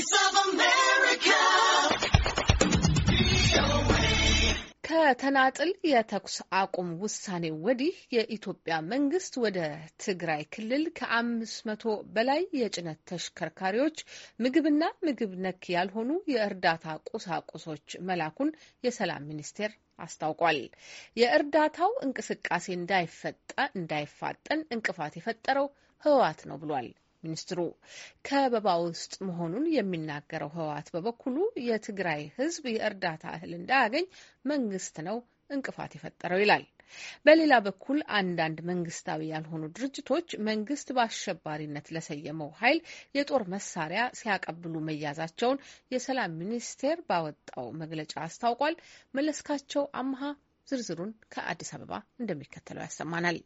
Voice of America. ከተናጥል የተኩስ አቁም ውሳኔ ወዲህ የኢትዮጵያ መንግስት ወደ ትግራይ ክልል ከአምስት መቶ በላይ የጭነት ተሽከርካሪዎች ምግብና ምግብ ነክ ያልሆኑ የእርዳታ ቁሳቁሶች መላኩን የሰላም ሚኒስቴር አስታውቋል። የእርዳታው እንቅስቃሴ እንዳይፈጠ እንዳይፋጠን እንቅፋት የፈጠረው ህወሓት ነው ብሏል። ሚኒስትሩ ከበባ ውስጥ መሆኑን የሚናገረው ህወሓት በበኩሉ የትግራይ ህዝብ የእርዳታ እህል እንዳያገኝ መንግስት ነው እንቅፋት የፈጠረው ይላል። በሌላ በኩል አንዳንድ መንግስታዊ ያልሆኑ ድርጅቶች መንግስት በአሸባሪነት ለሰየመው ኃይል የጦር መሳሪያ ሲያቀብሉ መያዛቸውን የሰላም ሚኒስቴር ባወጣው መግለጫ አስታውቋል። መለስካቸው አምሃ ዝርዝሩን ከአዲስ አበባ እንደሚከተለው ያሰማናል።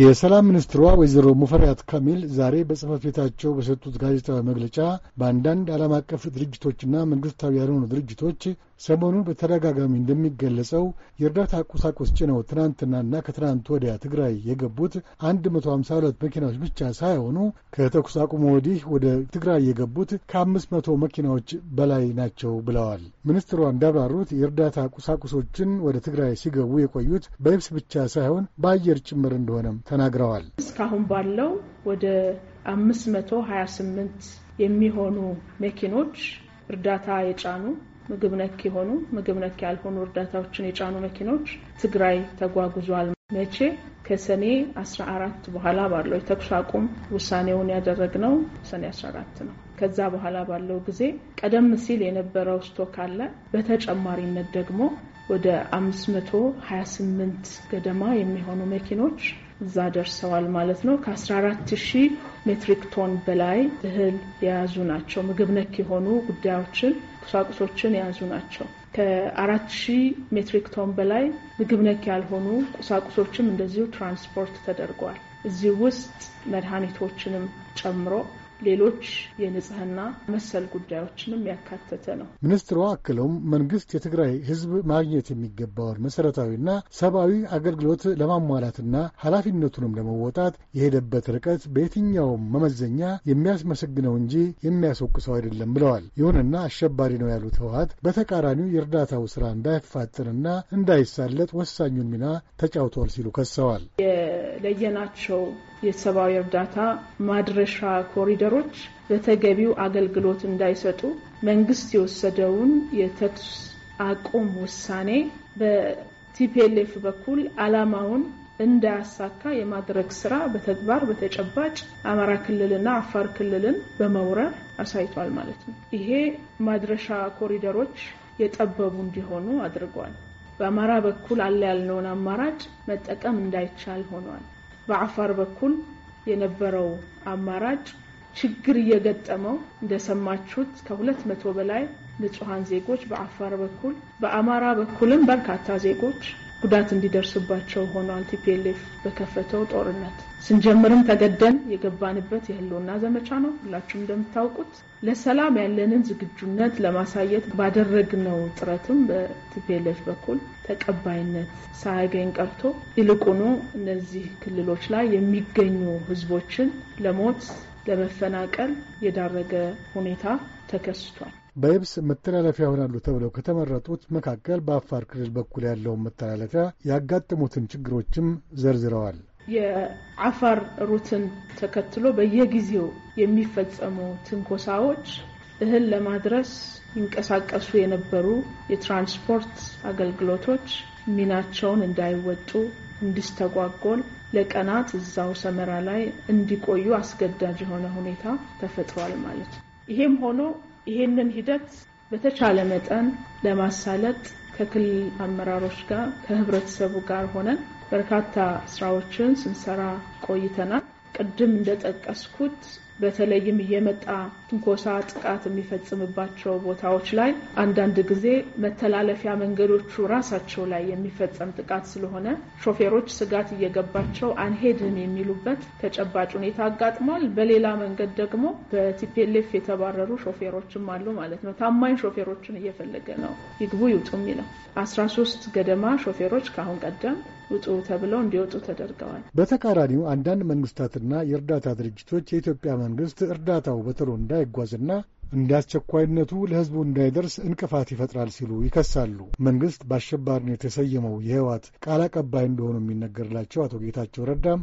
የሰላም ሚኒስትሯ ወይዘሮ ሙፈሪያት ካሚል ዛሬ በጽህፈት ቤታቸው በሰጡት ጋዜጣዊ መግለጫ በአንዳንድ ዓለም አቀፍ ድርጅቶችና መንግሥታዊ ያልሆኑ ድርጅቶች ሰሞኑን በተደጋጋሚ እንደሚገለጸው የእርዳታ ቁሳቁስ ጭነው ትናንትናና ከትናንት ወዲያ ትግራይ የገቡት 152 መኪናዎች ብቻ ሳይሆኑ ከተኩስ አቁሞ ወዲህ ወደ ትግራይ የገቡት ከአምስት መቶ መኪናዎች በላይ ናቸው ብለዋል። ሚኒስትሯ እንዳብራሩት የእርዳታ ቁሳቁሶችን ወደ ትግራይ ሲገቡ የቆዩት በየብስ ብቻ ሳይሆን በአየር ጭምር እንደሆነም ተናግረዋል። እስካሁን ባለው ወደ 528 የሚሆኑ መኪኖች እርዳታ የጫኑ ምግብ ነክ የሆኑ ምግብ ነክ ያልሆኑ እርዳታዎችን የጫኑ መኪኖች ትግራይ ተጓጉዟል። መቼ ከሰኔ 14 በኋላ ባለው የተኩስ አቁም ውሳኔውን ያደረግነው ሰኔ 14 ነው። ከዛ በኋላ ባለው ጊዜ ቀደም ሲል የነበረው ስቶክ አለ። በተጨማሪነት ደግሞ ወደ 528 ገደማ የሚሆኑ መኪኖች እዛ ደርሰዋል ማለት ነው። ከ14 ሺህ ሜትሪክ ቶን በላይ እህል የያዙ ናቸው። ምግብ ነክ የሆኑ ጉዳዮችን፣ ቁሳቁሶችን የያዙ ናቸው። ከአራት ሺህ ሜትሪክ ቶን በላይ ምግብ ነክ ያልሆኑ ቁሳቁሶችም እንደዚሁ ትራንስፖርት ተደርገዋል። እዚህ ውስጥ መድኃኒቶችንም ጨምሮ ሌሎች የንጽህና መሰል ጉዳዮችንም ያካተተ ነው። ሚኒስትሯ አክለውም መንግስት የትግራይ ህዝብ ማግኘት የሚገባውን መሰረታዊና ሰብአዊ አገልግሎት ለማሟላትና ኃላፊነቱንም ለመወጣት የሄደበት ርቀት በየትኛውም መመዘኛ የሚያስመሰግነው እንጂ የሚያስወቅሰው አይደለም ብለዋል። ይሁንና አሸባሪ ነው ያሉት ህወሀት በተቃራኒው የእርዳታው ስራ እንዳይፋጥንና እንዳይሳለጥ ወሳኙን ሚና ተጫውቷል ሲሉ ከሰዋል። የለየናቸው የሰብአዊ እርዳታ ማድረሻ ኮሪደሮች በተገቢው አገልግሎት እንዳይሰጡ መንግስት የወሰደውን የተኩስ አቁም ውሳኔ በቲፒኤልኤፍ በኩል አላማውን እንዳያሳካ የማድረግ ስራ በተግባር በተጨባጭ አማራ ክልልና አፋር ክልልን በመውረር አሳይቷል ማለት ነው። ይሄ ማድረሻ ኮሪደሮች የጠበቡ እንዲሆኑ አድርጓል። በአማራ በኩል አለ ያልነውን አማራጭ መጠቀም እንዳይቻል ሆኗል። በአፋር በኩል የነበረው አማራጭ ችግር እየገጠመው እንደሰማችሁት ከሁለት መቶ በላይ ንጹሐን ዜጎች በአፋር በኩል በአማራ በኩልም በርካታ ዜጎች ጉዳት እንዲደርስባቸው ሆኗል። ቲፒኤልኤፍ በከፈተው ጦርነት ስንጀምርም ተገደን የገባንበት የህልውና ዘመቻ ነው። ሁላችሁም እንደምታውቁት ለሰላም ያለንን ዝግጁነት ለማሳየት ባደረግነው ጥረትም በቲፒኤልኤፍ በኩል ተቀባይነት ሳያገኝ ቀርቶ ይልቁኑ እነዚህ ክልሎች ላይ የሚገኙ ህዝቦችን ለሞት፣ ለመፈናቀል የዳረገ ሁኔታ ተከስቷል። በየብስ መተላለፊያ ይሆናሉ ተብለው ከተመረጡት መካከል በአፋር ክልል በኩል ያለውን መተላለፊያ ያጋጠሙትን ችግሮችም ዘርዝረዋል። የአፋር ሩትን ተከትሎ በየጊዜው የሚፈጸሙ ትንኮሳዎች እህል ለማድረስ ይንቀሳቀሱ የነበሩ የትራንስፖርት አገልግሎቶች ሚናቸውን እንዳይወጡ እንዲስተጓጎል ለቀናት እዛው ሰመራ ላይ እንዲቆዩ አስገዳጅ የሆነ ሁኔታ ተፈጥሯል ማለት ነው። ይሄም ሆኖ ይሄንን ሂደት በተቻለ መጠን ለማሳለጥ ከክልል አመራሮች ጋር ከህብረተሰቡ ጋር ሆነን በርካታ ስራዎችን ስንሰራ ቆይተናል። ቅድም እንደጠቀስኩት በተለይም እየመጣ ትንኮሳ፣ ጥቃት የሚፈጽምባቸው ቦታዎች ላይ አንዳንድ ጊዜ መተላለፊያ መንገዶቹ ራሳቸው ላይ የሚፈጸም ጥቃት ስለሆነ ሾፌሮች ስጋት እየገባቸው አንሄድም የሚሉበት ተጨባጭ ሁኔታ አጋጥሟል። በሌላ መንገድ ደግሞ በቲፔሌፍ የተባረሩ ሾፌሮችም አሉ ማለት ነው። ታማኝ ሾፌሮችን እየፈለገ ነው ይግቡ ይውጡ የሚለው። አስራ ሶስት ገደማ ሾፌሮች ከአሁን ቀደም ውጡ ተብለው እንዲወጡ ተደርገዋል። በተቃራኒው አንዳንድ መንግስታትና የእርዳታ ድርጅቶች የኢትዮጵያ መንግሥት እርዳታው በቶሎ እንዳይጓዝና እንደ አስቸኳይነቱ ለሕዝቡ እንዳይደርስ እንቅፋት ይፈጥራል ሲሉ ይከሳሉ። መንግሥት በአሸባሪነት የተሰየመው የህወሓት ቃል አቀባይ እንደሆኑ የሚነገርላቸው አቶ ጌታቸው ረዳም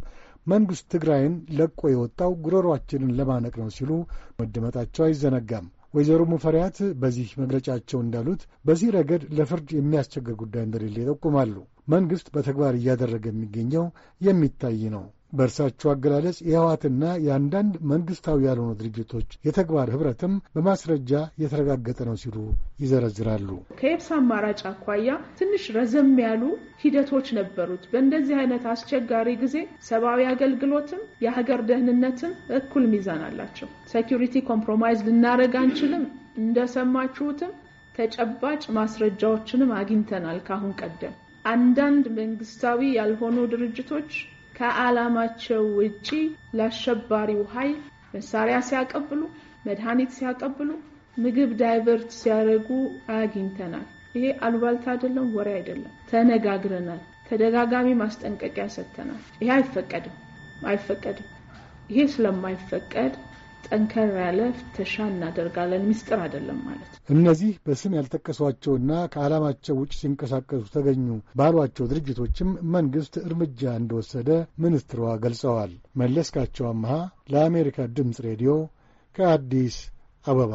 መንግሥት ትግራይን ለቆ የወጣው ጉሮሯችንን ለማነቅ ነው ሲሉ መደመጣቸው አይዘነጋም። ወይዘሮ ሙፈሪያት በዚህ መግለጫቸው እንዳሉት በዚህ ረገድ ለፍርድ የሚያስቸግር ጉዳይ እንደሌለ ይጠቁማሉ። መንግሥት በተግባር እያደረገ የሚገኘው የሚታይ ነው። በእርሳቸው አገላለጽ የህዋትና የአንዳንድ መንግሥታዊ ያልሆኑ ድርጅቶች የተግባር ኅብረትም በማስረጃ የተረጋገጠ ነው ሲሉ ይዘረዝራሉ። ከየብስ አማራጭ አኳያ ትንሽ ረዘም ያሉ ሂደቶች ነበሩት። በእንደዚህ አይነት አስቸጋሪ ጊዜ ሰብአዊ አገልግሎትም የሀገር ደህንነትም እኩል ሚዛን አላቸው። ሴኪሪቲ ኮምፕሮማይዝ ልናደርግ አንችልም። እንደሰማችሁትም ተጨባጭ ማስረጃዎችንም አግኝተናል። ከአሁን ቀደም አንዳንድ መንግስታዊ ያልሆኑ ድርጅቶች ከዓላማቸው ውጪ ለአሸባሪው ኃይል መሳሪያ ሲያቀብሉ፣ መድኃኒት ሲያቀብሉ፣ ምግብ ዳይቨርት ሲያደርጉ አግኝተናል። ይሄ አሉባልታ አይደለም፣ ወሬ አይደለም። ተነጋግረናል። ተደጋጋሚ ማስጠንቀቂያ ሰጥተናል። ይሄ አይፈቀድም አይፈቀድም። ይሄ ስለማይፈቀድ ጠንከር ያለ ፍተሻ እናደርጋለን። ሚስጥር አይደለም ማለት ነው። እነዚህ በስም ያልጠቀሷቸውና ከዓላማቸው ውጭ ሲንቀሳቀሱ ተገኙ ባሏቸው ድርጅቶችም መንግስት እርምጃ እንደወሰደ ሚኒስትሯ ገልጸዋል። መለስካቸው አምሃ ለአሜሪካ ድምፅ ሬዲዮ ከአዲስ አበባ